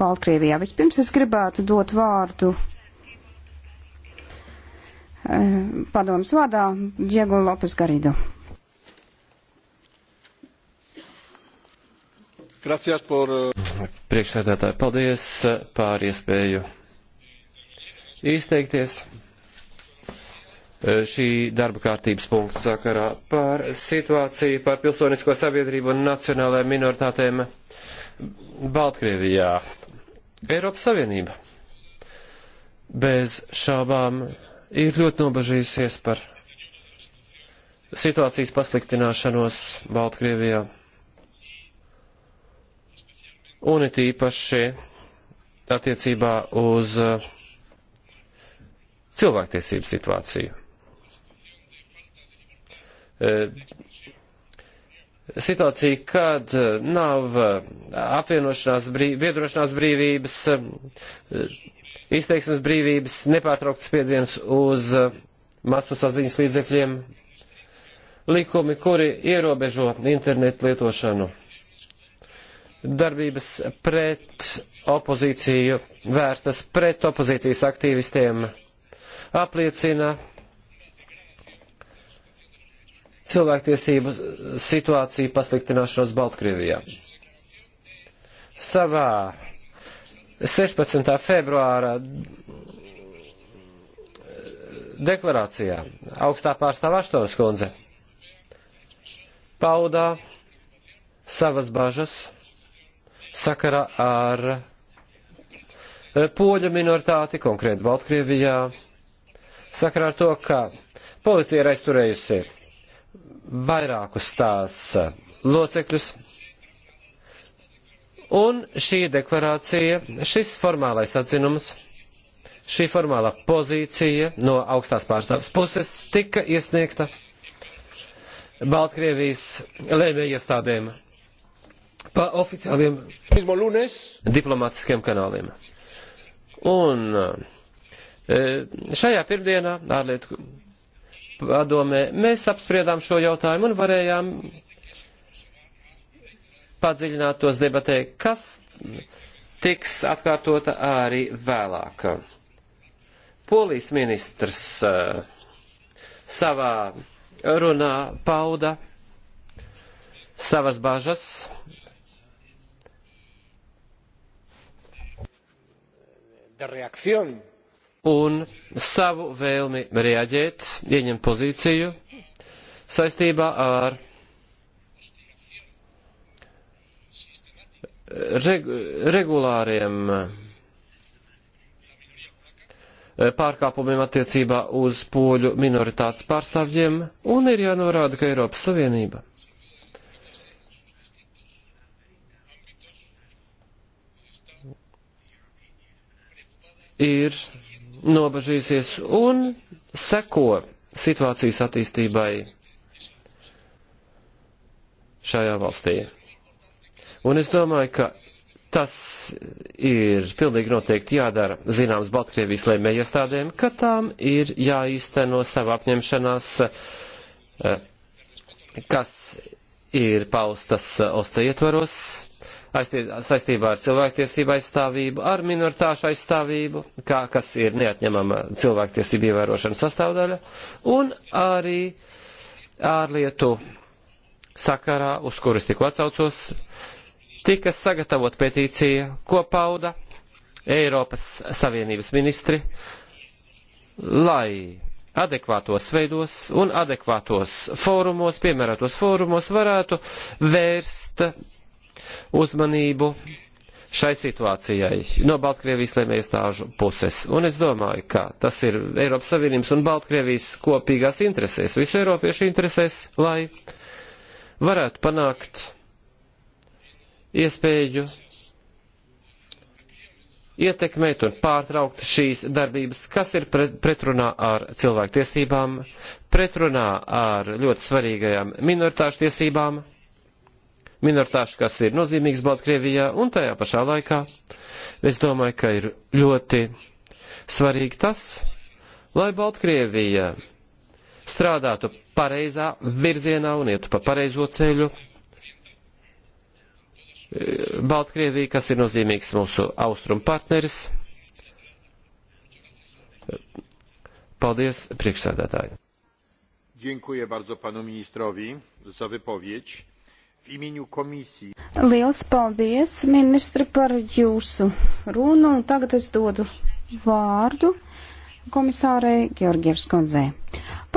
Baltkrievijā. Vispirms es gribētu dot vārdu eh, padomas vārdā Diego Lopes Garido. Gracias por... Eh, Priekšsēdētāji, paldies eh, par iespēju izteikties šī darba kārtības punkta sakarā par situāciju par pilsonisko sabiedrību un nacionālajām minoritātēm Baltkrievijā Eiropas Savienība bez šābām ir ļoti nobažījusies par situācijas pasliktināšanos Baltkrievijā. Un it īpaši attiecībā uz uh, cilvēktiesību situāciju. Uh, situācija, kad eh, nav eh, apvienošanās, brīv, biedrošanās brīvības, eh, izteiksmes brīvības, nepārtrauktas spiediens uz masu saziņas līdzekļiem, likumi, kuri ierobežo internetu lietošanu, darbības pret opozīciju vērstas pret opozīcijas aktīvistiem, apliecina cilvēktiesību situāciju pasliktināšanos Baltkrievijā. Savā 16. februāra deklarācijā augstā pārstāvā Aštonas kundze paudā savas bažas sakarā ar e, poļu minoritāti, konkrēti Baltkrievijā, sakarā ar to, ka policija ir aizturējusi vairākus tās eh, locekļus. Un šī deklarācija, šis formālais atzinums, šī formālā pozīcija no augstās pārstāvs puses tika iesniegta Baltkrievijas lēmējiestādēm pa oficiāliem diplomātiskiem kanāliem. Un eh, šajā pirmdienā ārlietu padomē, mēs apspriedām šo jautājumu un varējām padziļināt tos debatē, kas tiks atkārtota arī vēlāk. Polijas ministrs uh, savā runā pauda savas bažas. De reacción un savu vēlmi reaģēt, ieņemt pozīciju saistībā ar regu, regulāriem eh, pārkāpumiem attiecībā uz poļu minoritātes pārstāvjiem, un ir jānorāda, ka Eiropas Savienība ir nobažījusies un seko situācijas attīstībai šajā valstī. Un es domāju, ka tas ir pilnīgi noteikti jādara zināms Baltkrievijas lēmēja iestādēm, ka tām ir jāīsteno savu apņemšanās, eh, kas ir paustas eh, OSCE ietvaros saistībā ar cilvēktiesību aizstāvību, ar minoritāšu aizstāvību, kā, kas ir neatņemama cilvēktiesību ievērošanas sastāvdaļa, un arī ārlietu sakarā, uz kuras tikko atsaucos, tika sagatavot petīcija, ko pauda Eiropas Savienības ministri, lai adekvātos veidos un adekvātos fórumos, piemērotos fórumos, varētu vērst uzmanību šai situācijai no Baltkrievijas lēmēju iestāžu puses. Un es domāju, ka tas ir Eiropas Savienības un Baltkrievijas kopīgās interesēs, visu Eiropiešu interesēs, lai varētu panākt iespēju ietekmēt un pārtraukt šīs darbības, kas ir pretrunā ar cilvēktiesībām, pretrunā ar ļoti svarīgajām minoritāšu tiesībām minoritāšu, kas ir nozīmīgs Baltkrievijā, un tajā pašā laikā es domāju, ka ir ļoti svarīgi tas, lai Baltkrievija strādātu pareizā virzienā un ietu pa pareizo ceļu. Baltkrievija, kas ir nozīmīgs mūsu austrumu partneris. Paldies, priekšsēdētāji. Dziękuję bardzo panu ministrowi za wypowiedź. Liels paldies, ministri, par jūsu runu. Tagad es dodu vārdu komisārei Georgievs Konzē.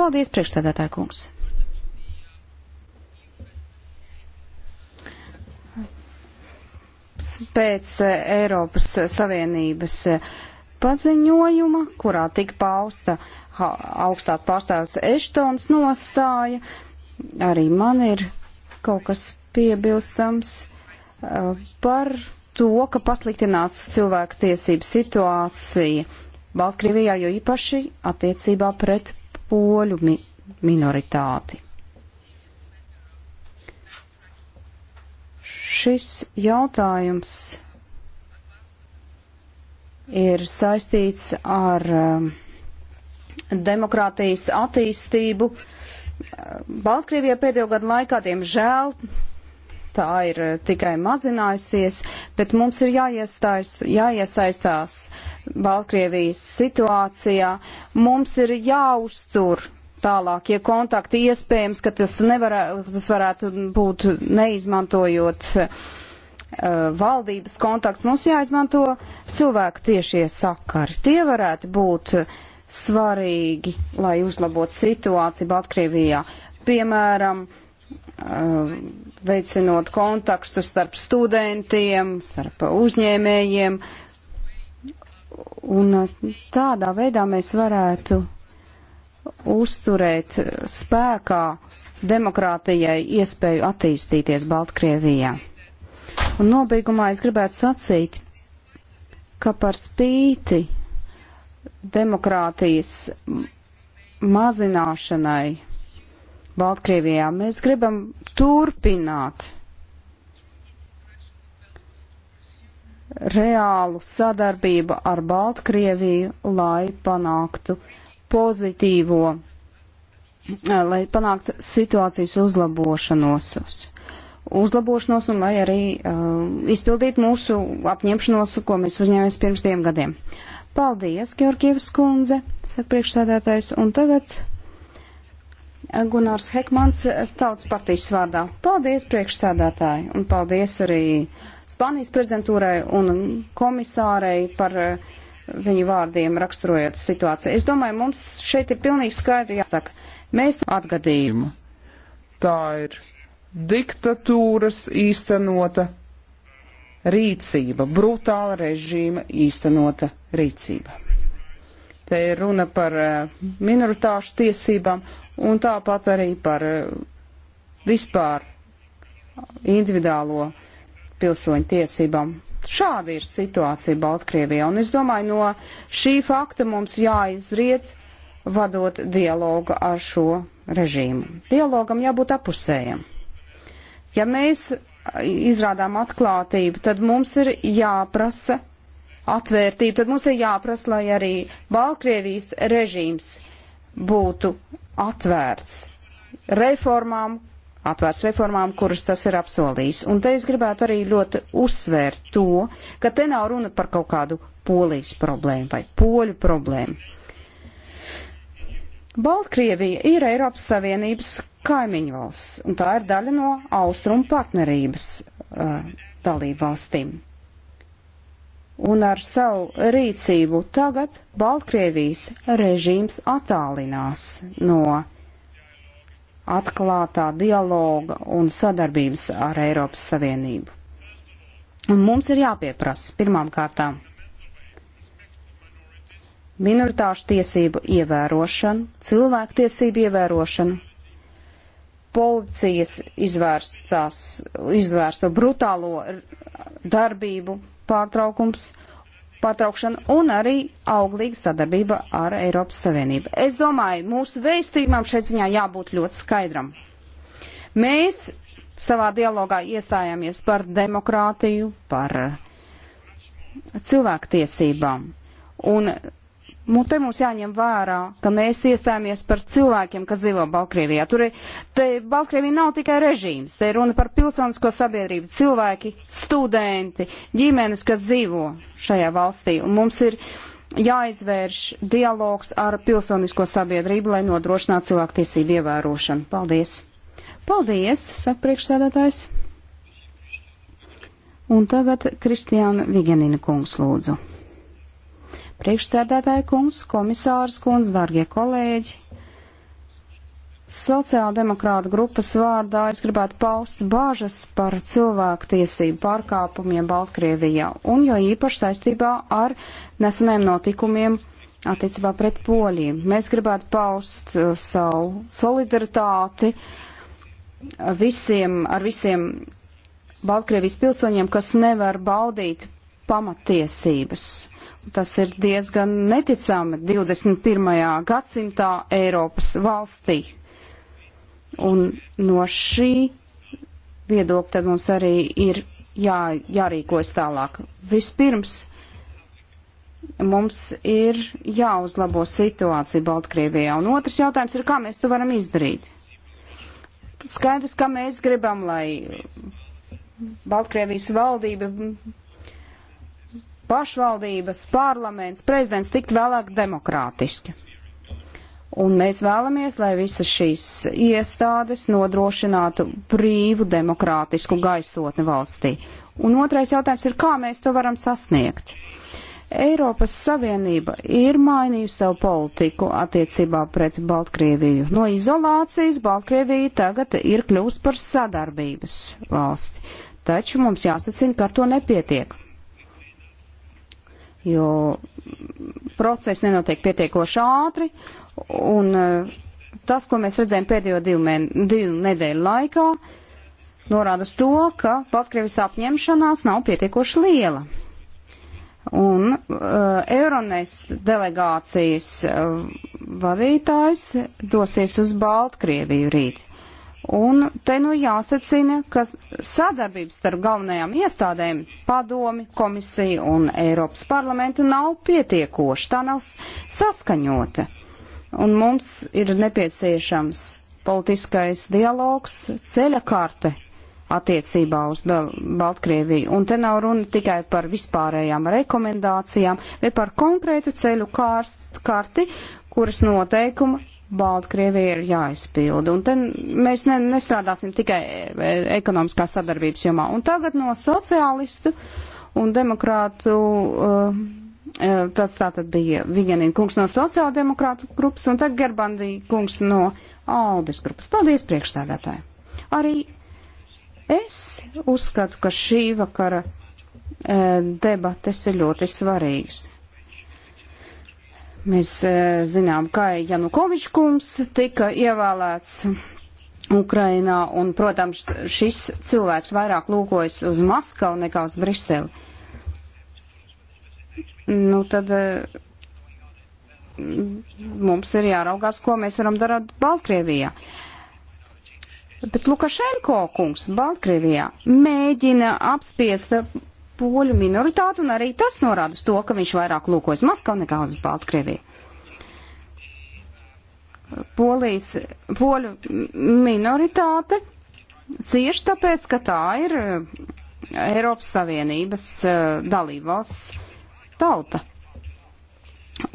Paldies, priekšsēdētāj kungs. Pēc eh, Eiropas Savienības eh, paziņojuma, kurā tika pausta augstās pārstāvs Eštons nostāja, arī man ir kaut kas piebilstams uh, par to, ka pasliktinās cilvēku tiesību situācija Baltkrievijā, jo īpaši attiecībā pret poļu mi minoritāti. Šis jautājums ir saistīts ar um, demokrātijas attīstību. Uh, Baltkrievijā pēdējo gadu laikā, diemžēl, tā ir eh, tikai mazinājusies, bet mums ir jāiesaistās Baltkrievijas situācijā. Mums ir jāuztur tālākie ja kontakti, iespējams, ka tas, nevarē, tas varētu būt neizmantojot uh, valdības kontakts. Mums jāizmanto cilvēku tiešie sakari. Tie varētu būt uh, svarīgi, lai uzlabotu situāciju Baltkrievijā. Piemēram, uh, veicinot kontaktu starp studentiem, starp uzņēmējiem. Un uh, tādā veidā mēs varētu uzturēt spēkā demokrātijai iespēju attīstīties Baltkrievijā. Un nobeigumā es gribētu sacīt, ka par spīti demokrātijas mazināšanai Baltkrievijā. Mēs gribam turpināt reālu sadarbību ar Baltkrieviju, lai panāktu pozitīvo, eh, lai panāktu situācijas uzlabošanos. Uzlabošanos un lai arī uh, izpildītu mūsu apņemšanos, ko mēs uzņēmēs pirms diviem gadiem. Paldies, Georgievas kundze, saka priekšsēdētājs, un tagad Gunārs Hekmans eh, tautas partijas vārdā. Paldies, priekšsēdētāji, un paldies arī Spānijas prezidentūrai un komisārei par eh, viņu vārdiem raksturojot situāciju. Es domāju, mums šeit ir pilnīgi skaidri jāsaka, mēs atgadījumu. Tā ir diktatūras īstenota rīcība, brutāla režīma īstenota rīcība. Te ir runa par eh, minoritāšu tiesībām un tāpat arī par eh, vispār individuālo pilsoņu tiesībām. Šāda ir situācija Baltkrievijā, un es domāju, no šī fakta mums jāizriet, vadot dialogu ar šo režīmu. Dialogam jābūt apusējam. Ja mēs eh, izrādām atklātību, tad mums ir jāprasa atvērtību, tad mums ir jāprasa, lai arī Baltkrievijas režīms būtu atvērts reformām, atvērts reformām, kuras tas ir apsolījis. Un te es gribētu arī ļoti uzsvērt to, ka te nav runa par kaut kādu polijas problēmu vai poļu problēmu. Baltkrievija ir Eiropas Savienības kaimiņvalsts, un tā ir daļa no Austrumu partnerības uh, dalību valstīm un ar savu rīcību tagad Baltkrievijas režīms attālinās no atklātā dialoga un sadarbības ar Eiropas Savienību. Un mums ir jāpieprasa pirmām kārtām minoritāšu tiesību ievērošanu, cilvēktiesību ievērošanu, policijas izvērstās, izvērsto brutālo darbību pārtraukums, pārtraukšana un arī auglīga sadarbība ar Eiropas Savienību. Es domāju, mūsu vēstījumam šeit ziņā jābūt ļoti skaidram. Mēs savā dialogā iestājāmies par demokrātiju, par cilvēktiesībām. Un Mums nu, te mums jāņem vērā, ka mēs iestājāmies par cilvēkiem, kas dzīvo Baltkrievijā. Tur ir, te Baltkrievija nav tikai režīms, te ir runa par pilsonisko sabiedrību, cilvēki, studenti, ģimenes, kas dzīvo šajā valstī. Un mums ir jāizvērš dialogs ar pilsonisko sabiedrību, lai nodrošinātu cilvēku tiesību ievērošanu. Paldies! Paldies, saka priekšsēdētājs. Un tagad Kristiāna Vigenina kungs lūdzu. Priekšstādātāja kungs, komisārs kungs, dārgie kolēģi, Sociāldemokrāta grupas vārdā es gribētu paust bāžas par cilvēku tiesību pārkāpumiem Baltkrievijā un jo īpaši saistībā ar neseniem notikumiem attiecībā pret poļiem. Mēs gribētu paust uh, savu solidaritāti visiem, ar visiem Baltkrievijas pilsoņiem, kas nevar baudīt pamatiesības Tas ir diezgan neticami 21. gadsimtā Eiropas valstī. Un no šī viedokļa tad mums arī ir jā, jārīkojas tālāk. Vispirms mums ir jāuzlabo situācija Baltkrievijā. Un otrs jautājums ir, kā mēs to varam izdarīt? Skaidrs, ka mēs gribam, lai Baltkrievijas valdība pašvaldības, parlaments, prezidents tikt vēlāk demokrātiski. Un mēs vēlamies, lai visas šīs iestādes nodrošinātu brīvu demokrātisku gaisotni valstī. Un otrais jautājums ir, kā mēs to varam sasniegt? Eiropas Savienība ir mainījusi savu politiku attiecībā pret Baltkrieviju. No izolācijas Baltkrievija tagad ir kļūst par sadarbības valsti. Taču mums jāsacina, ka ar to nepietiek jo process nenotiek pietiekoši ātri, un eh, tas, ko mēs redzējām pēdējo divu, mēn, divu nedēļu laikā, norāda uz to, ka Baltkrievis apņemšanās nav pietiekoši liela. Un uh, Euronest delegācijas uh, vadītājs dosies uz Baltkrieviju rīt. Un te nu jāsacina, ka sadarbības starp galvenajām iestādēm padomi, komisija un Eiropas parlamentu nav pietiekoša, tā nav saskaņota. Un mums ir nepieciešams politiskais dialogs, ceļa karte attiecībā uz Bel Baltkrieviju. Un te nav runa tikai par vispārējām rekomendācijām, bet par konkrētu ceļu kārst, karti, kuras noteikuma Baltkrievija ir jāizpilda. Un te mēs ne, nestrādāsim tikai ekonomiskā sadarbības jomā. Un tagad no sociālistu un demokrātu, uh, uh tas tātad bija Vigenina kungs no sociāldemokrātu grupas un tagad Gerbandī kungs no Aldis grupas. Paldies priekšstādātāji. Arī es uzskatu, ka šī vakara uh, debates ir ļoti svarīgas. Mēs e, zinām, ka Janukovičs kungs tika ievēlēts Ukrainā, un, protams, šis cilvēks vairāk lūkojas uz Maskavu nekā uz Briseli. Nu, tad e, mums ir jāraugās, ko mēs varam darāt Baltkrievijā. Bet Lukašenko kungs Baltkrievijā mēģina apspiest poļu minoritāti, un arī tas norāda uz to, ka viņš vairāk lūkojas Maskavā nekā uz Baltkrieviju. Polijas, poļu minoritāte cieši tāpēc, ka tā ir eh, Eiropas Savienības eh, dalībvalsts tauta.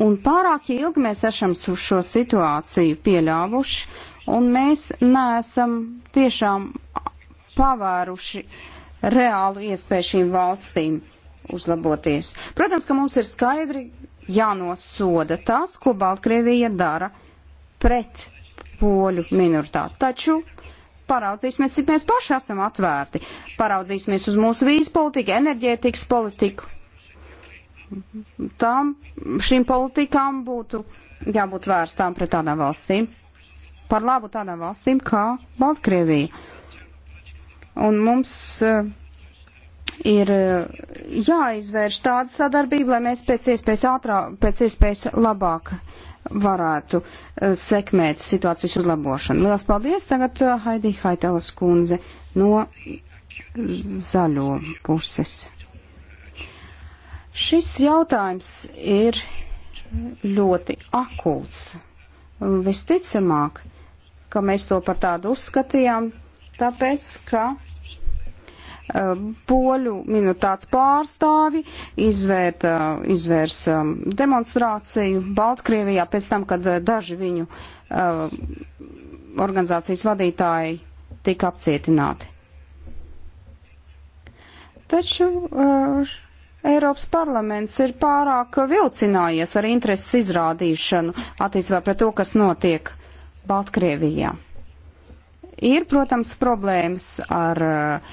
Un pārāk ilgi mēs esam uz šo situāciju pieļāvuši, un mēs neesam tiešām pavēruši uh, reālu iespēju šīm valstīm uzlaboties. Protams, ka mums ir skaidri jānosoda tas, ko Baltkrievija dara pret poļu minoritāti. Taču paraudzīsimies, cik mēs paši esam atvērti. Paraudzīsimies uz mūsu vīzu politiku, enerģētikas politiku. Tām, šīm politikām būtu jābūt vērstām pret tādām valstīm. Par labu tādām valstīm kā Baltkrievija. Un mums eh, ir eh, jāizvērš tāda sadarbība, lai mēs pēc iespējas ātrāk, pēc iespējas labāk varētu eh, sekmēt situācijas uzlabošanu. Lielas paldies tagad Haidī Haitelas kundze no zaļo puses. Šis jautājums ir ļoti akūts. Visticamāk, ka mēs to par tādu uzskatījām, tāpēc, ka Um, poļu minoritātes pārstāvi izvērta, uh, izvērsa um, demonstrāciju Baltkrievijā pēc tam, kad uh, daži viņu uh, organizācijas vadītāji tika apcietināti. Taču uh, Eiropas parlaments ir pārāk vilcinājies ar intereses izrādīšanu attiecībā pret to, kas notiek Baltkrievijā. Ir, protams, problēmas ar uh,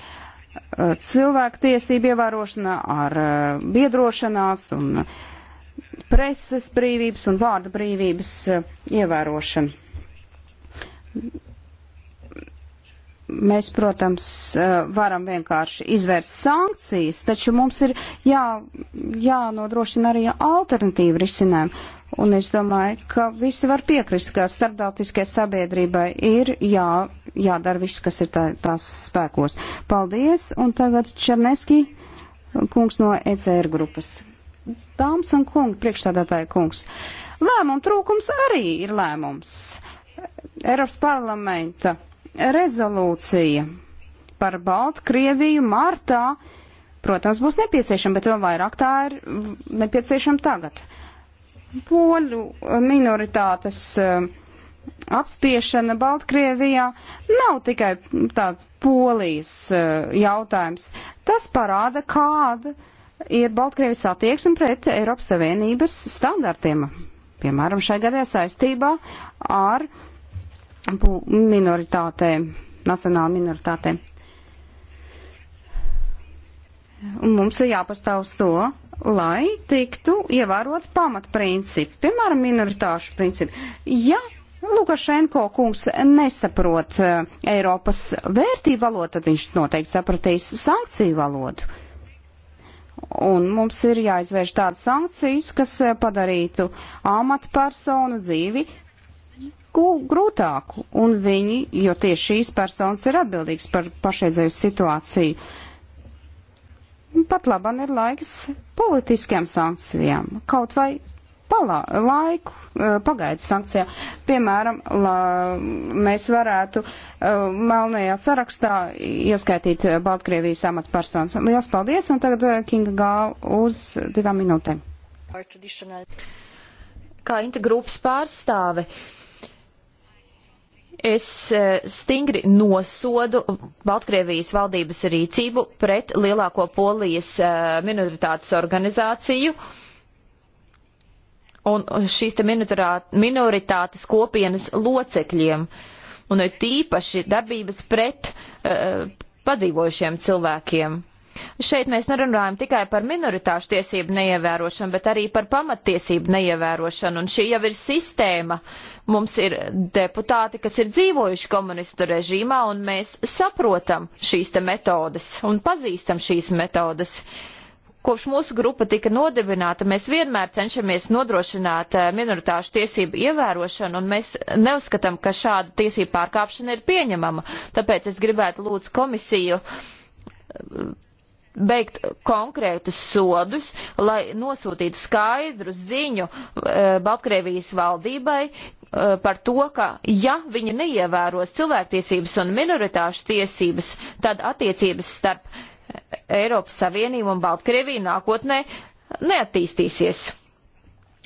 Eh, cilvēktiesību ievērošana, ar eh, biedrošanās un preses brīvības un vārda brīvības eh, ievērošanu. Mēs, protams, eh, varam vienkārši izvērst sankcijas, taču mums ir jā, jānodrošina arī alternatīva risinājuma. Un es domāju, ka visi var piekrist, ka starptautiskajai sabiedrībai ir jā, jādara viss, kas ir tā, tās spēkos. Paldies, un tagad Černeski kungs no ECR grupas. Dāmas un kungi, priekšsādātāja kungs, lēmuma trūkums arī ir lēmums. Eiropas parlamenta rezolūcija par Baltkrieviju martā, protams, būs nepieciešama, bet vēl vairāk tā ir nepieciešama tagad. Poļu minoritātes eh, apspiešana Baltkrievijā nav tikai tāds polijas eh, jautājums. Tas parāda, kāda ir Baltkrievis attieksme pret Eiropas Savienības standartiem. Piemēram, šai gadā saistībā ar uh, minoritātēm, nacionālām minoritātēm. Un mums ir jāpastāv uz to, lai tiktu ievērot pamatprincipi, piemēram, minoritāšu principi. Ja Lukašenko kungs nesaprot uh, Eiropas vērtību valodu, tad viņš noteikti sapratīs sankciju valodu. Un mums ir jāizvērš tādas sankcijas, kas eh, padarītu amatpersonu dzīvi grūtāk, un viņi, jo tieši šīs personas ir atbildīgas par pašreizēju situāciju. Pat labam ir laiks politiskiem sankcijām, kaut vai palā, laiku, eh, pagaidu sankcijām. Piemēram, la, mēs varētu uh, melnajā sarakstā ieskaitīt Baltkrievijas amatpersonas. Lielas paldies, un tagad eh, Kinga Gāla uz divām minūtēm. Kā intergrupas pārstāve. Uh, Es eh, stingri nosodu Baltkrievijas valdības rīcību pret lielāko polijas eh, minoritātes organizāciju. Un šīs te minoritātes kopienas locekļiem, un ir tīpaši darbības pret uh, padzīvojušiem cilvēkiem. Šeit mēs nerunājam tikai par minoritāšu tiesību neievērošanu, bet arī par pamattiesību neievērošanu, un šī jau ir sistēma, Mums ir deputāti, kas ir dzīvojuši komunistu režīmā, un mēs saprotam šīs te metodas un pazīstam šīs metodas. Kopš mūsu grupa tika nodibināta, mēs vienmēr cenšamies nodrošināt eh, minoritāšu tiesību ievērošanu, un mēs neuzskatām, ka šāda tiesība pārkāpšana ir pieņemama. Tāpēc es gribētu lūdzu komisiju eh, beigt konkrētus sodus, lai nosūtītu skaidru ziņu e, Baltkrievijas valdībai, Eh, par to, ka ja viņi neievēros cilvēktiesības un minoritāšu tiesības, tad attiecības starp Eiropas Savienību un Baltkrieviju nākotnē neattīstīsies.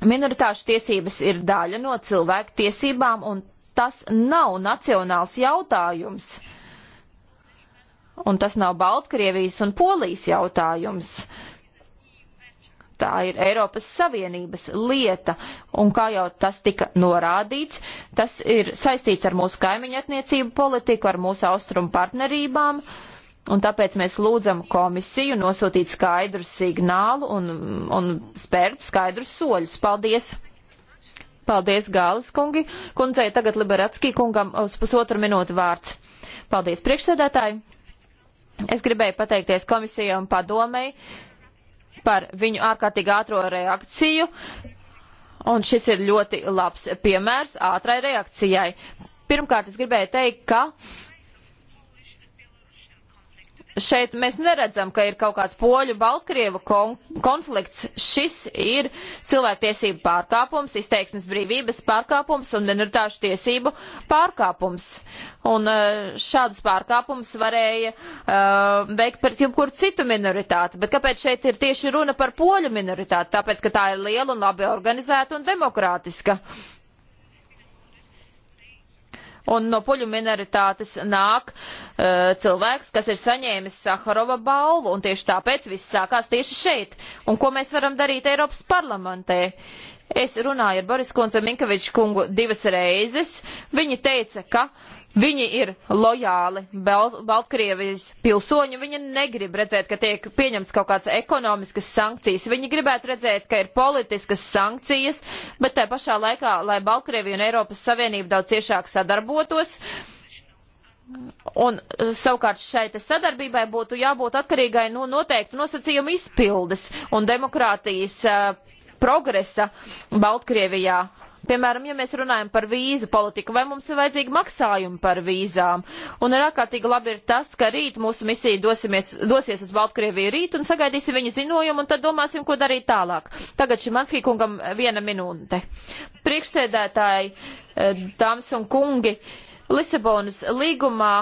Minoritāšu tiesības ir daļa no cilvēku tiesībām, un tas nav nacionāls jautājums. Un tas nav Baltkrievijas un Polijas jautājums. Uh, tā ir Eiropas Savienības lieta, un kā jau tas tika norādīts, tas ir saistīts ar mūsu kaimiņattiecību politiku, ar mūsu austrumu partnerībām, un tāpēc mēs lūdzam komisiju nosūtīt skaidru signālu un, un spērt skaidrus soļus. Paldies! Paldies, Gāles kungi! Kundzei tagad Liberatskī kungam uz pusotru minūtu vārds. Paldies, priekšsēdētāji! Es gribēju pateikties komisijai un padomei par viņu ārkārtīgi ātro reakciju. Un šis ir ļoti labs piemērs ātrai reakcijai. Pirmkārt, es gribēju teikt, ka šeit mēs neredzam, ka ir kaut kāds poļu-baltkrievu kon konflikts. Šis ir cilvēktiesību pārkāpums, izteiksmes brīvības pārkāpums un minoritāšu tiesību pārkāpums. Un eh, šādus pārkāpumus varēja uh, veikt pret jebkuru citu minoritāti. Bet kāpēc šeit ir tieši runa par poļu minoritāti? Tāpēc, ka tā ir liela un labi organizēta un demokrātiska. Uh, Un no poļu minoritātes nāk uh, cilvēks, kas ir saņēmis Saharova balvu, un tieši tāpēc viss sākās tieši šeit. Un ko mēs varam darīt Eiropas parlamentē? Es runāju ar Boris Kuncu un Minkoviču kungu divas reizes. Viņi teica, ka uh, Viņi ir lojāli Bal Baltkrievijas pilsoņi. Viņi negrib redzēt, ka tiek pieņemts kaut kāds ekonomiskas sankcijas. Viņi gribētu redzēt, ka ir politiskas sankcijas, bet tā pašā laikā, lai Baltkrievija un Eiropas Savienība daudz ciešāk sadarbotos. Un eh, savukārt šai sadarbībai būtu jābūt atkarīgai no noteiktu nosacījumu izpildes un demokrātijas uh, progresa Baltkrievijā. Piemēram, ja mēs runājam par vīzu politiku, vai mums ir vajadzīgi maksājumi par vīzām? Un ir ārkārtīgi labi ir tas, ka rīt mūsu misija dosimies, dosies uz Baltkrieviju rīt un sagaidīsim viņu ziņojumu un tad domāsim, ko darīt tālāk. Tagad Šimanskī kungam viena minūte. Priekšsēdētāji, eh, dāmas un kungi, Lisabonas līgumā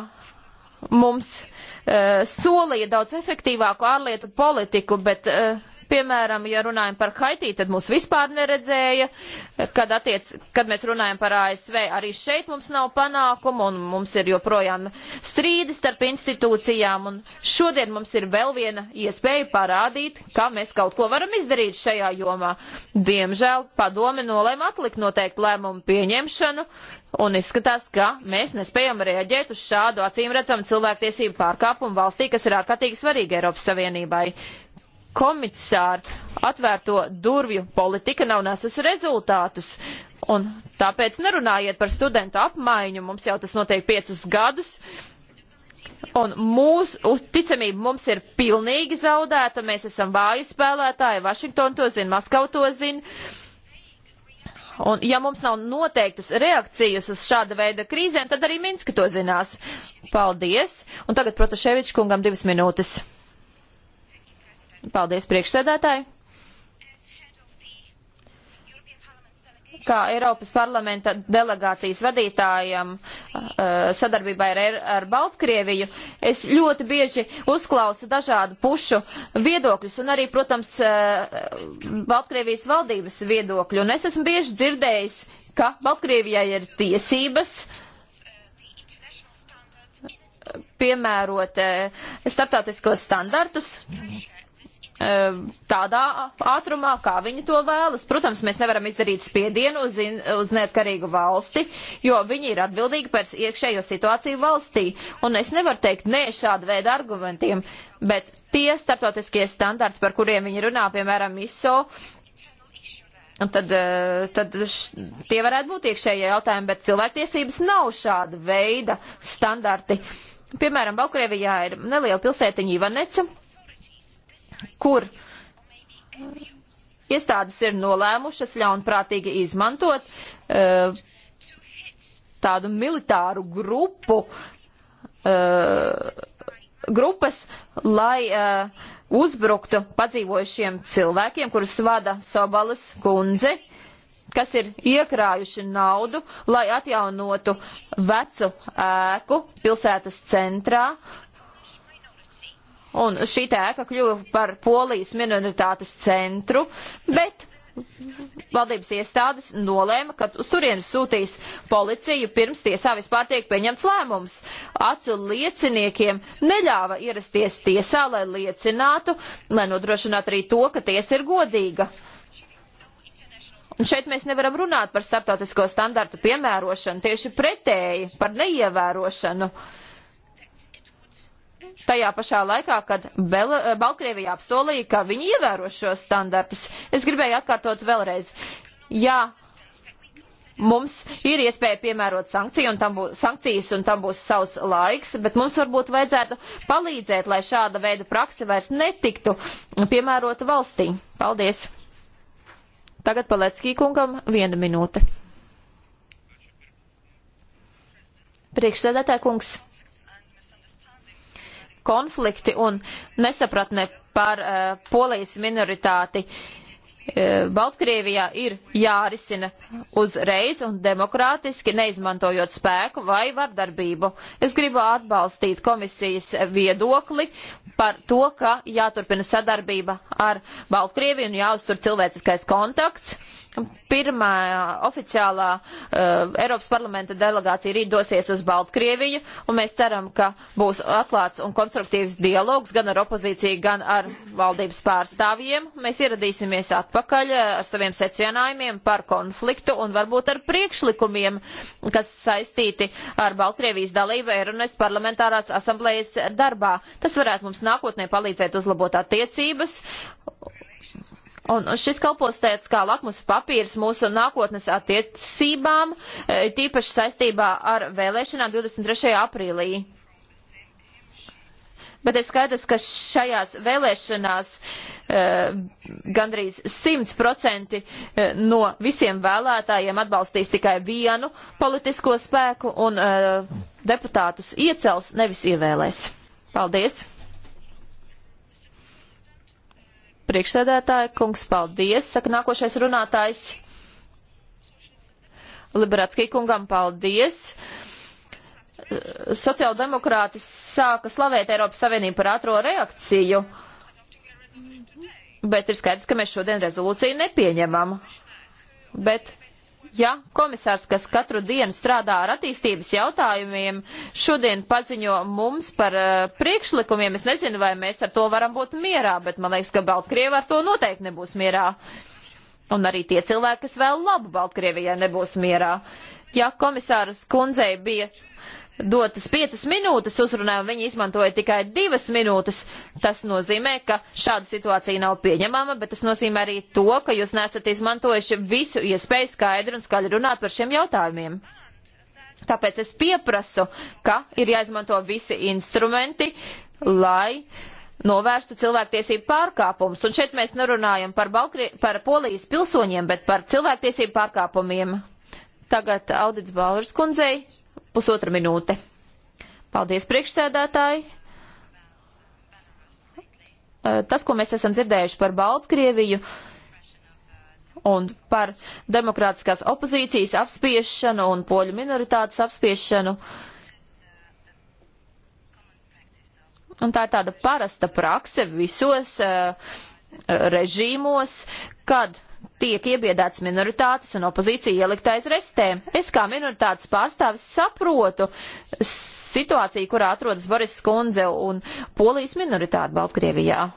mums uh, solīja daudz efektīvāku ārlietu politiku, bet. Uh, Piemēram, ja runājam par Haitī, tad mūs vispār neredzēja. Kad, attiec, kad mēs runājam par ASV, arī šeit mums nav panākumu un mums ir joprojām strīdi starp institūcijām. Un šodien mums ir vēl viena iespēja parādīt, kā mēs kaut ko varam izdarīt šajā jomā. Diemžēl padome nolēma atlikt noteiktu lēmumu pieņemšanu, Un izskatās, ka mēs nespējam reaģēt uz šādu acīm redzamu cilvēktiesību pārkāpumu valstī, kas ir ārkārtīgi svarīga Eiropas Savienībai komisāra atvērto durvju politika nav nesusi rezultātus. Un tāpēc nerunājiet par studentu apmaiņu, mums jau tas notiek piecus gadus. Un mūsu ticamība mums ir pilnīgi zaudēta, mēs esam vāji spēlētāji, Vašingtona to zina, Maskava to zina. Un ja mums nav noteiktas reakcijas uz šāda veida krīzēm, tad arī Minska to zinās. Paldies! Un tagad Protaševičs kungam divas minūtes. Paldies, priekšsēdētāji! Kā Eiropas parlamenta delegācijas vadītājam eh, sadarbībā ar, ar Baltkrieviju, es ļoti bieži uzklausu dažādu pušu viedokļus un arī, protams, eh, Baltkrievijas valdības viedokļu. Un es esmu bieži dzirdējis, ka Baltkrievijai ir tiesības piemērot eh, starptautiskos standartus, Ehm, tādā ātrumā, kā viņi to vēlas. Protams, mēs nevaram izdarīt spiedienu uz, in, uz neatkarīgu valsti, jo viņi ir atbildīgi par iekšējo situāciju valstī. Un es nevaru teikt nē šāda veida argumentiem, bet tie starptautiskie standarti, par kuriem viņi runā, piemēram, ISO, tad, eh, tad š, tie varētu būt iekšējie jautājumi, bet cilvēktiesības nav šāda veida standarti. Piemēram, Balkrievijā ir neliela pilsētiņa Ivaneca kur iestādes ir nolēmušas ļaunprātīgi izmantot uh, tādu militāru grupu, uh, grupas, lai uh, uzbruktu padzīvojušiem cilvēkiem, kurus vada Sobalas kundze, kas ir iekrājuši naudu, lai atjaunotu vecu ēku pilsētas centrā, un šī ēka kļuva par polijas minoritātes centru, bet valdības iestādes nolēma, ka uz turieni sūtīs policiju pirms tiesā vispār tiek pieņemts lēmums. Acu lieciniekiem neļāva ierasties tiesā, lai liecinātu, lai nodrošinātu arī to, ka tiesa ir godīga. Un šeit mēs nevaram runāt par starptautisko standartu piemērošanu, tieši pretēji par neievērošanu. Uh, tajā pašā laikā, kad Bel eh, Baltkrievija apsolīja, ka viņi ievēro šos standartus. Es gribēju atkārtot vēlreiz. Jā, mums ir iespēja piemērot sankciju un tam būs, sankcijas, un tam būs savs laiks, bet mums varbūt vajadzētu palīdzēt, lai šāda veida prakse vairs netiktu piemērota valstī. Paldies! Tagad Paleckī kungam viena minūte. Priekšsēdētāj kungs konflikti un nesapratne par uh, polijas minoritāti uh, Baltkrievijā ir jārisina uzreiz un demokrātiski, neizmantojot spēku vai vardarbību. Es gribu atbalstīt komisijas viedokli par to, ka jāturpina sadarbība ar Baltkrieviju un jāuztur cilvēciskais kontakts Pirmā oficiālā uh, Eiropas parlamenta delegācija rīt dosies uz Baltkrieviju, un mēs ceram, ka būs atklāts un konstruktīvs dialogs gan ar opozīciju, gan ar valdības pārstāvjiem. Mēs ieradīsimies atpakaļ eh, ar saviem secinājumiem par konfliktu un varbūt ar priekšlikumiem, kas saistīti ar Baltkrievijas dalību Eiropas parlamentārās asamblējas darbā. Tas varētu mums nākotnē palīdzēt uzlabot attiecības Un šis kalpos tāds kā lakmus papīrs mūsu nākotnes attiecībām, e, tīpaši saistībā ar vēlēšanām 23. aprīlī. Bet ir skaidrs, ka šajās vēlēšanās uh, gandrīz 100% e, no visiem vēlētājiem atbalstīs tikai vienu politisko spēku un uh, deputātus iecels, nevis ievēlēs. Paldies! Priekšsēdētāja kungs, paldies. Saka nākošais runātājs. Liberatskī kungam paldies. Sociāldemokrāti sāka slavēt Eiropas Savienību par ātro reakciju, bet ir skaidrs, ka mēs šodien rezolūciju nepieņemam. Bet ja komisārs, kas katru dienu strādā ar attīstības jautājumiem, šodien paziņo mums par uh, priekšlikumiem, es nezinu, vai mēs ar to varam būt mierā, bet man liekas, ka Baltkrievi ar to noteikti nebūs mierā. Un arī tie cilvēki, kas vēl labu Baltkrievijai nebūs mierā. Ja komisāras kundzei bija dotas piecas minūtes uzrunā, un viņi izmantoja tikai divas minūtes. Tas nozīmē, ka šāda situācija nav pieņemama, bet tas nozīmē arī to, ka jūs nesat izmantojuši visu iespēju ja skaidri un skaļi runāt par šiem jautājumiem. Tāpēc es pieprasu, ka ir jāizmanto visi instrumenti, lai novērstu cilvēktiesību pārkāpumus. Un šeit mēs nerunājam par, Balkri par polijas pilsoņiem, bet par cilvēktiesību pārkāpumiem. Tagad audits Bauers kundzei Pusotra minūte. Paldies, priekšsēdētāji! Tas, ko mēs esam dzirdējuši par Baltkrieviju un par demokrātiskās opozīcijas apspiešanu un poļu minoritātes apspiešanu, un tā ir tāda parasta prakse visos režīmos, kad tiek iebiedēts minoritātes un opozīcija ielikt aiz restēm. Es kā minoritātes pārstāvis saprotu situāciju, kurā atrodas Boris Skundze un Polijas minoritāte Baltkrievijā.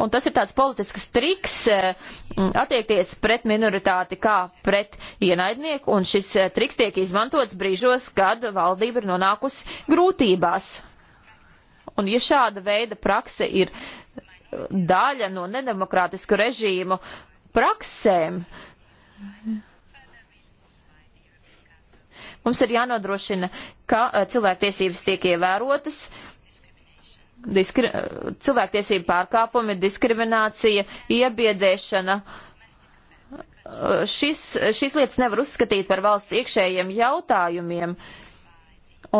Un tas ir tāds politisks triks eh, attiekties pret minoritāti kā pret ienaidnieku, un šis eh, triks tiek izmantots brīžos, kad valdība ir nonākusi grūtībās. Un ja šāda veida prakse ir uh, daļa no nedemokrātisku režīmu praksēm. Mums ir jānodrošina, ka eh, cilvēktiesības tiek ievērotas, diskri, eh, cilvēktiesība pārkāpumi, diskriminācija, iebiedēšana. Eh, šis, šīs lietas nevar uzskatīt par valsts iekšējiem jautājumiem.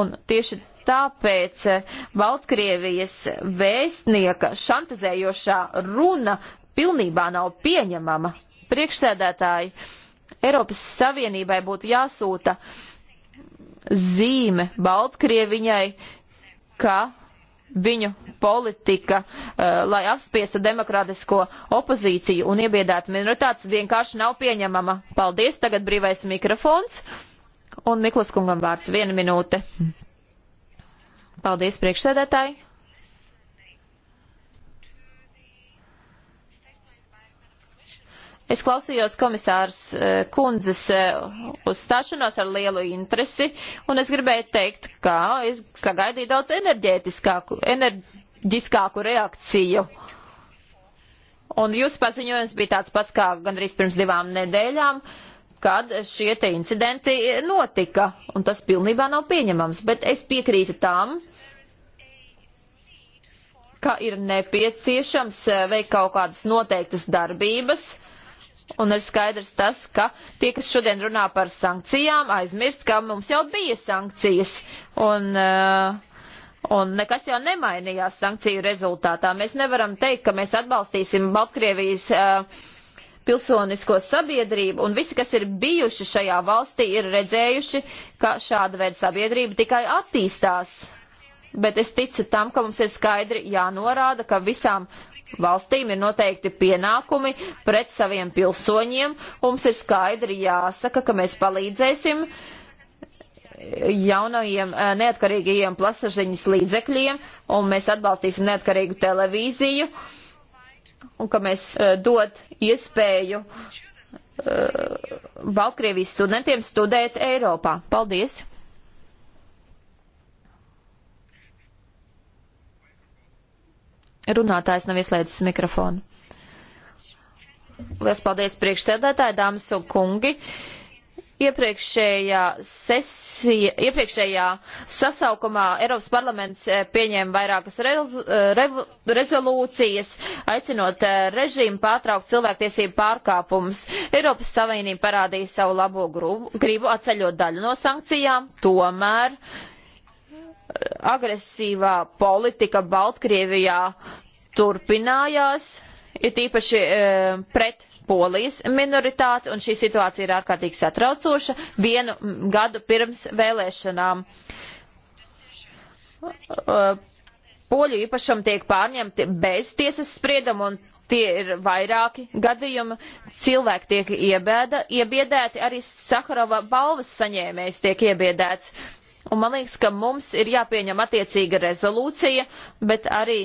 Un tieši Tāpēc eh, Baltkrievijas vēstnieka šantazējošā runa pilnībā nav pieņemama. Priekšsēdētāji Eiropas Savienībai būtu jāsūta zīme Baltkrieviņai, ka viņu politika, eh, lai apspiestu demokrātisko opozīciju un iebiedētu minoritātes, vienkārši nav pieņemama. Paldies, tagad brīvais mikrofons. Un Miklas kungam vārds viena minūte. Paldies, priekšsēdētāji! Es klausījos komisārs eh, kundzes eh, uzstāšanos ar lielu interesi, un es gribēju teikt, ka es sagaidīju daudz enerģētiskāku, enerģiskāku reakciju. Un jūsu paziņojums bija tāds pats kā gandrīz pirms divām nedēļām. Uh, kad šie te incidenti notika, un tas pilnībā nav pieņemams, bet es piekrītu tam, ka ir nepieciešams e, veikt kaut kādas noteiktas darbības, un ir skaidrs tas, ka tie, kas šodien runā par sankcijām, aizmirst, ka mums jau bija sankcijas, un uh, Un nekas jau nemainījās sankciju rezultātā. Mēs nevaram teikt, ka mēs atbalstīsim Baltkrievijas uh, pilsonisko sabiedrību, un visi, kas ir bijuši šajā valstī, ir redzējuši, ka šāda veida sabiedrība tikai attīstās. Bet es ticu tam, ka mums ir skaidri jānorāda, ka visām valstīm ir noteikti pienākumi pret saviem pilsoņiem. Mums ir skaidri jāsaka, ka mēs palīdzēsim jaunajiem eh, neatkarīgajiem plasažiņas līdzekļiem, un mēs atbalstīsim neatkarīgu televīziju. Uh, un ka mēs uh, dod iespēju uh, Baltkrievijas studentiem studēt Eiropā. Paldies! Runātājs nav ieslēdzis mikrofonu. Lielas paldies priekšsēdētāji, dāmas un kungi! Uh, Iepriekšējā, sesija, iepriekšējā sasaukumā Eiropas parlaments eh, pieņēma vairākas rez, eh, rev, rezolūcijas, aicinot eh, režīmu pārtraukt cilvēktiesību pārkāpumus. Eiropas Savienība parādīja savu labo gribu atceļot daļu no sankcijām, tomēr agresīvā politika Baltkrievijā turpinājās ir tīpaši eh, pret polijas minoritāti, un šī situācija ir ārkārtīgi satraucoša vienu gadu pirms vēlēšanām. Eh, Poļu īpašumi tiek pārņemti bez tiesas sprieduma, un tie ir vairāki gadījumi. Cilvēki tiek iebēda, iebiedēti, arī Sakarova balvas saņēmējs tiek iebiedēts. Un man liekas, ka mums ir jāpieņem attiecīga rezolūcija, bet arī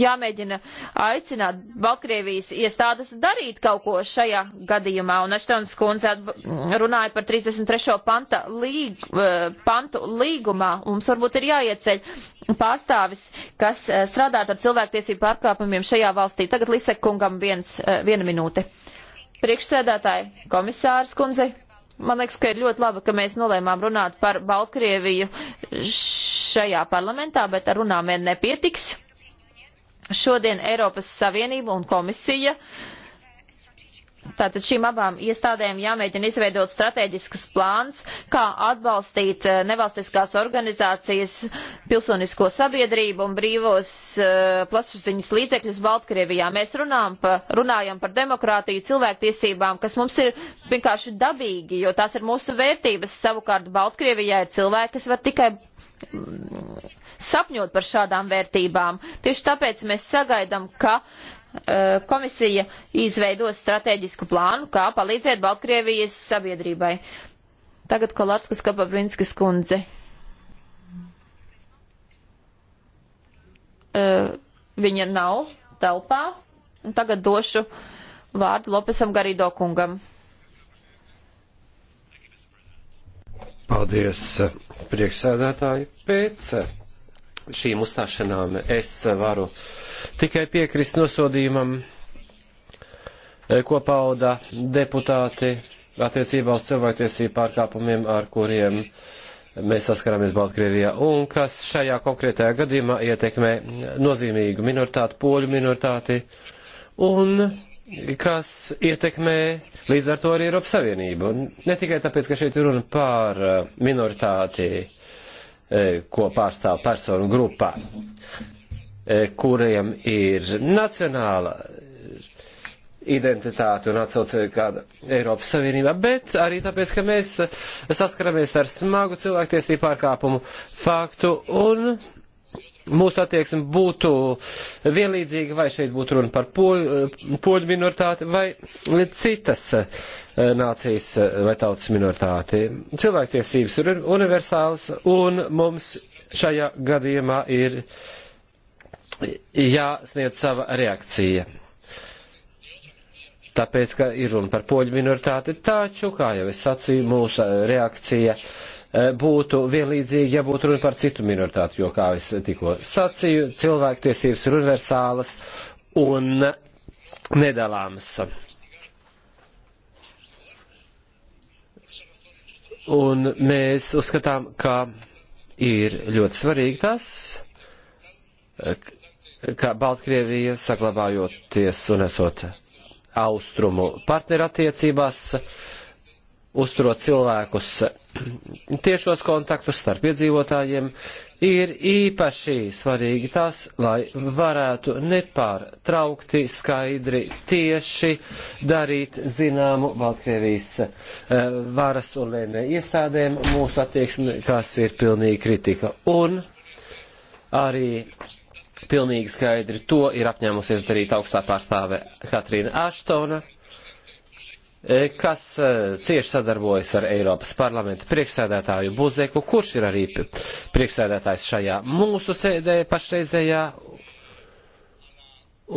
jāmēģina aicināt Baltkrievijas iestādes darīt kaut ko šajā gadījumā. Un Aštons kundze runāja par 33. Panta līg, eh, pantu līgumā. Mums varbūt ir jāieceļ pārstāvis, kas eh, strādātu ar cilvēktiesību pārkāpumiem šajā valstī. Tagad Lisek kungam viens, eh, viena minūte. Priekšsēdētāji, komisārs kundze. Man liekas, ka ir ļoti labi, ka mēs nolēmām runāt par Baltkrieviju šajā parlamentā, bet ar runām vien nepietiks Šodien Eiropas Savienība un komisija uh, Tātad šīm abām iestādēm jāmēģina izveidot strateģisks plāns, kā atbalstīt eh, nevalstiskās organizācijas, pilsonisko sabiedrību un brīvos uh, plašsaziņas līdzekļus Baltkrievijā. Mēs runājam, pa, runājam par demokrātiju, cilvēktiesībām, kas mums ir vienkārši dabīgi, jo tās ir mūsu vērtības. Savukārt Baltkrievijā ir cilvēki, kas var tikai sapņot par šādām vērtībām. Tieši tāpēc mēs sagaidām, ka eh, komisija izveidos strateģisku plānu, kā palīdzēt Baltkrievijas sabiedrībai. Tagad Kolārskas Kapabrinskas kundze. Eh, viņa nav telpā. Un tagad došu vārdu Lopesam Garīdo kungam. Paldies, priekšsēdētāji. Pēc šīm uzstāšanām es varu tikai piekrist nosodījumam, eh, ko pauda deputāti attiecībā uz cilvēktiesību pārkāpumiem, ar kuriem mēs saskaramies Baltkrievijā, un kas šajā konkrētajā gadījumā ietekmē nozīmīgu minoritāti, poļu minoritāti, un kas ietekmē līdz ar to arī Eiropas Savienību. Ne tikai tāpēc, ka šeit runa par eh, minoritāti, uh, E, ko pārstāv personu grupā, e, kuriem ir nacionāla identitāti un atsauce kāda Eiropas Savienībā, bet arī tāpēc, ka mēs saskaramies ar smagu cilvēktiesību pārkāpumu faktu un mūsu attieksme būtu vienlīdzīga, vai šeit būtu runa par poļu, poļu minoritāti vai citas eh, nācijas eh, vai tautas minoritāti. Cilvēktiesības ir universāls un mums šajā gadījumā ir jāsniedz sava reakcija. Tāpēc, ka ir runa par poļu minoritāti, taču, kā jau es sacīju, mūsu reakcija uh, Eh, būtu vienlīdzīgi, ja būtu runa par citu minoritāti, jo, kā es tikko sacīju, cilvēktiesības ir universālas un nedalāmas. Un mēs uzskatām, ka ir ļoti svarīgi tas, eh, ka Baltkrievija saglabājoties un esot austrumu partnerattiecībās, uzturot cilvēkus tiešos kontaktus starp iedzīvotājiem, ir īpaši svarīgi tas, lai varētu nepārtraukti, skaidri, tieši darīt zināmu Baltkrievijas eh, varas un lēmē iestādēm mūsu attieksmi, kas ir pilnīgi kritika. Un arī pilnīgi skaidri to ir apņēmusies darīt augstā pārstāve Katrīna Aštona Eh, kas eh, cieši sadarbojas ar Eiropas parlamenta priekšsēdētāju Buzeku, kurš ir arī priekšsēdētājs šajā mūsu sēdē pašreizējā.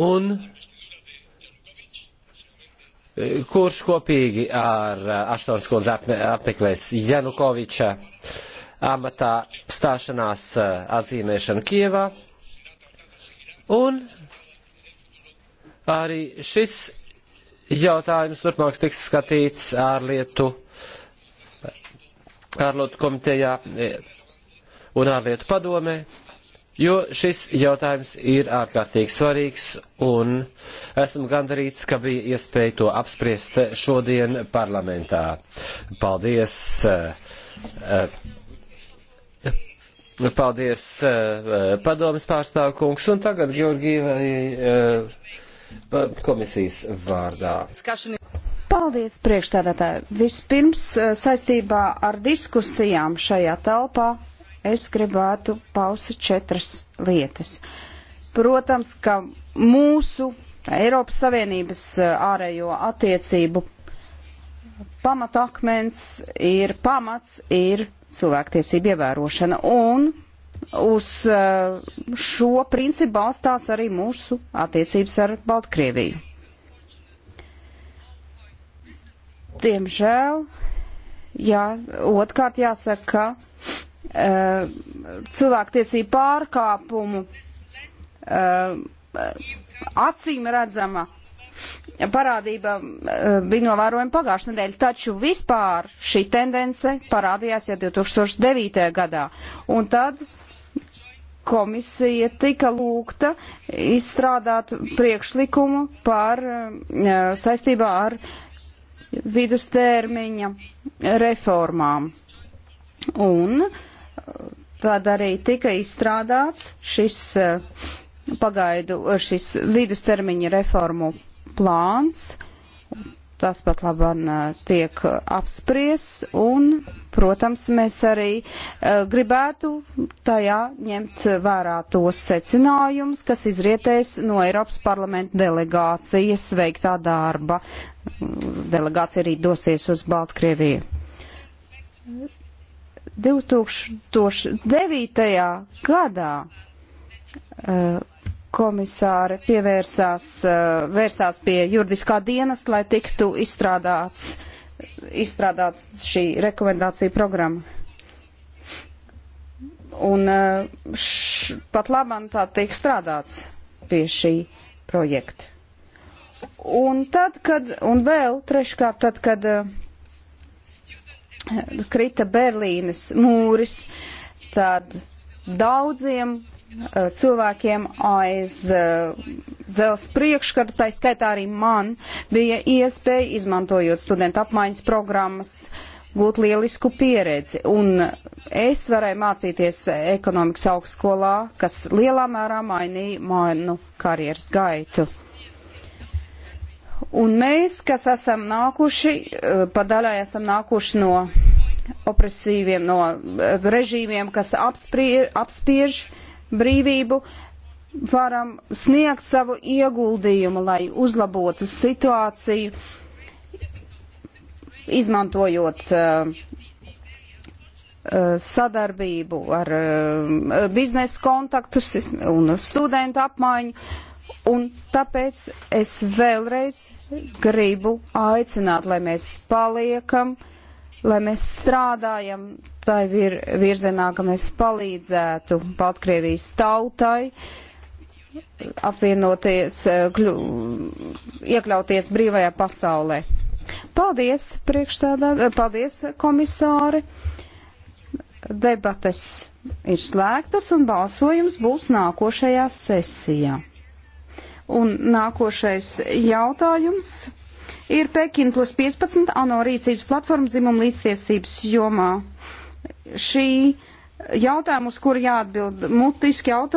Un eh, kurš kopīgi ar Aštons kundzi apmeklēs Janukoviča amatā stāšanās atzīmēšanu Kievā. Un arī šis jautājums turpmāk tiks skatīts ārlietu, ārlietu komitejā e, un ārlietu padomē, jo šis jautājums ir ārkārtīgi svarīgs un esmu gandarīts, ka bija iespēja to apspriest šodien parlamentā. Paldies! E, e, paldies padomas pārstāvkungs un tagad Georgijai komisijas vārdā. Paldies, priekšstādātāji. Vispirms eh, saistībā ar diskusijām šajā telpā es gribētu pausīt četras lietas. Protams, ka mūsu Eiropas Savienības eh, ārējo attiecību pamatakmens ir pamats, ir cilvēktiesība ievērošana un uz eh, šo principu balstās arī mūsu attiecības ar Baltkrieviju. Diemžēl, jā, otrkārt jāsaka, ka uh, cilvēktiesību pārkāpumu uh, acīm redzama parādība bija novērojama pagājušā nedēļa, taču vispār šī tendence parādījās jau 2009. gadā. Un tad komisija tika lūgta izstrādāt priekšlikumu par eh, saistībā ar vidustermiņa reformām. Un eh, tad arī tika izstrādāts šis eh, pagaidu, šis vidustermiņa reformu plāns tas pat labāk tiek apspries, un, protams, mēs arī uh, gribētu tajā ņemt vērā tos secinājumus, kas izrietēs no Eiropas parlamenta delegācijas veiktā darba. Delegācija arī dosies uz Baltkrieviju. 2009. gadā uh, komisāri pievērsās, eh, vērsās pie juridiskā dienas, lai tiktu izstrādāts, izstrādāts šī rekomendācija programma. Un eh, š, pat labam tā tiek strādāts pie šī projekta. Un tad, kad, un vēl treškārt, tad, kad eh, krita Berlīnes mūris, tad daudziem cilvēkiem aiz eh, zelta priekškara, tā skaitā arī man, bija iespēja, izmantojot studenta apmaiņas programmas, gūt lielisku pieredzi. Un es varēju mācīties ekonomikas augstskolā, kas lielā mērā mainīja manu karjeras gaitu. Un mēs, kas esam nākuši, eh, padaļai esam nākuši no opresīviem, no eh, režīmiem, kas apsprie, apspiež brīvību, varam sniegt savu ieguldījumu, lai uzlabotu situāciju, izmantojot uh, sadarbību ar uh, biznesa kontaktus un studentu apmaiņu. Un tāpēc es vēlreiz gribu aicināt, lai mēs paliekam uh, lai mēs strādājam tai vir, virzienā, ka mēs palīdzētu Baltkrievijas tautai apvienoties, eh, kļu, iekļauties brīvajā pasaulē. Paldies, priekšstādā, eh, paldies, komisāri. Debates ir slēgtas un balsojums būs nākošajā sesijā. Un nākošais jautājums ir Pekina plus 15 ANO rīcības platforma dzimuma līdztiesības jomā. Šī jautājuma, uz kuru jāatbild mutiski autori.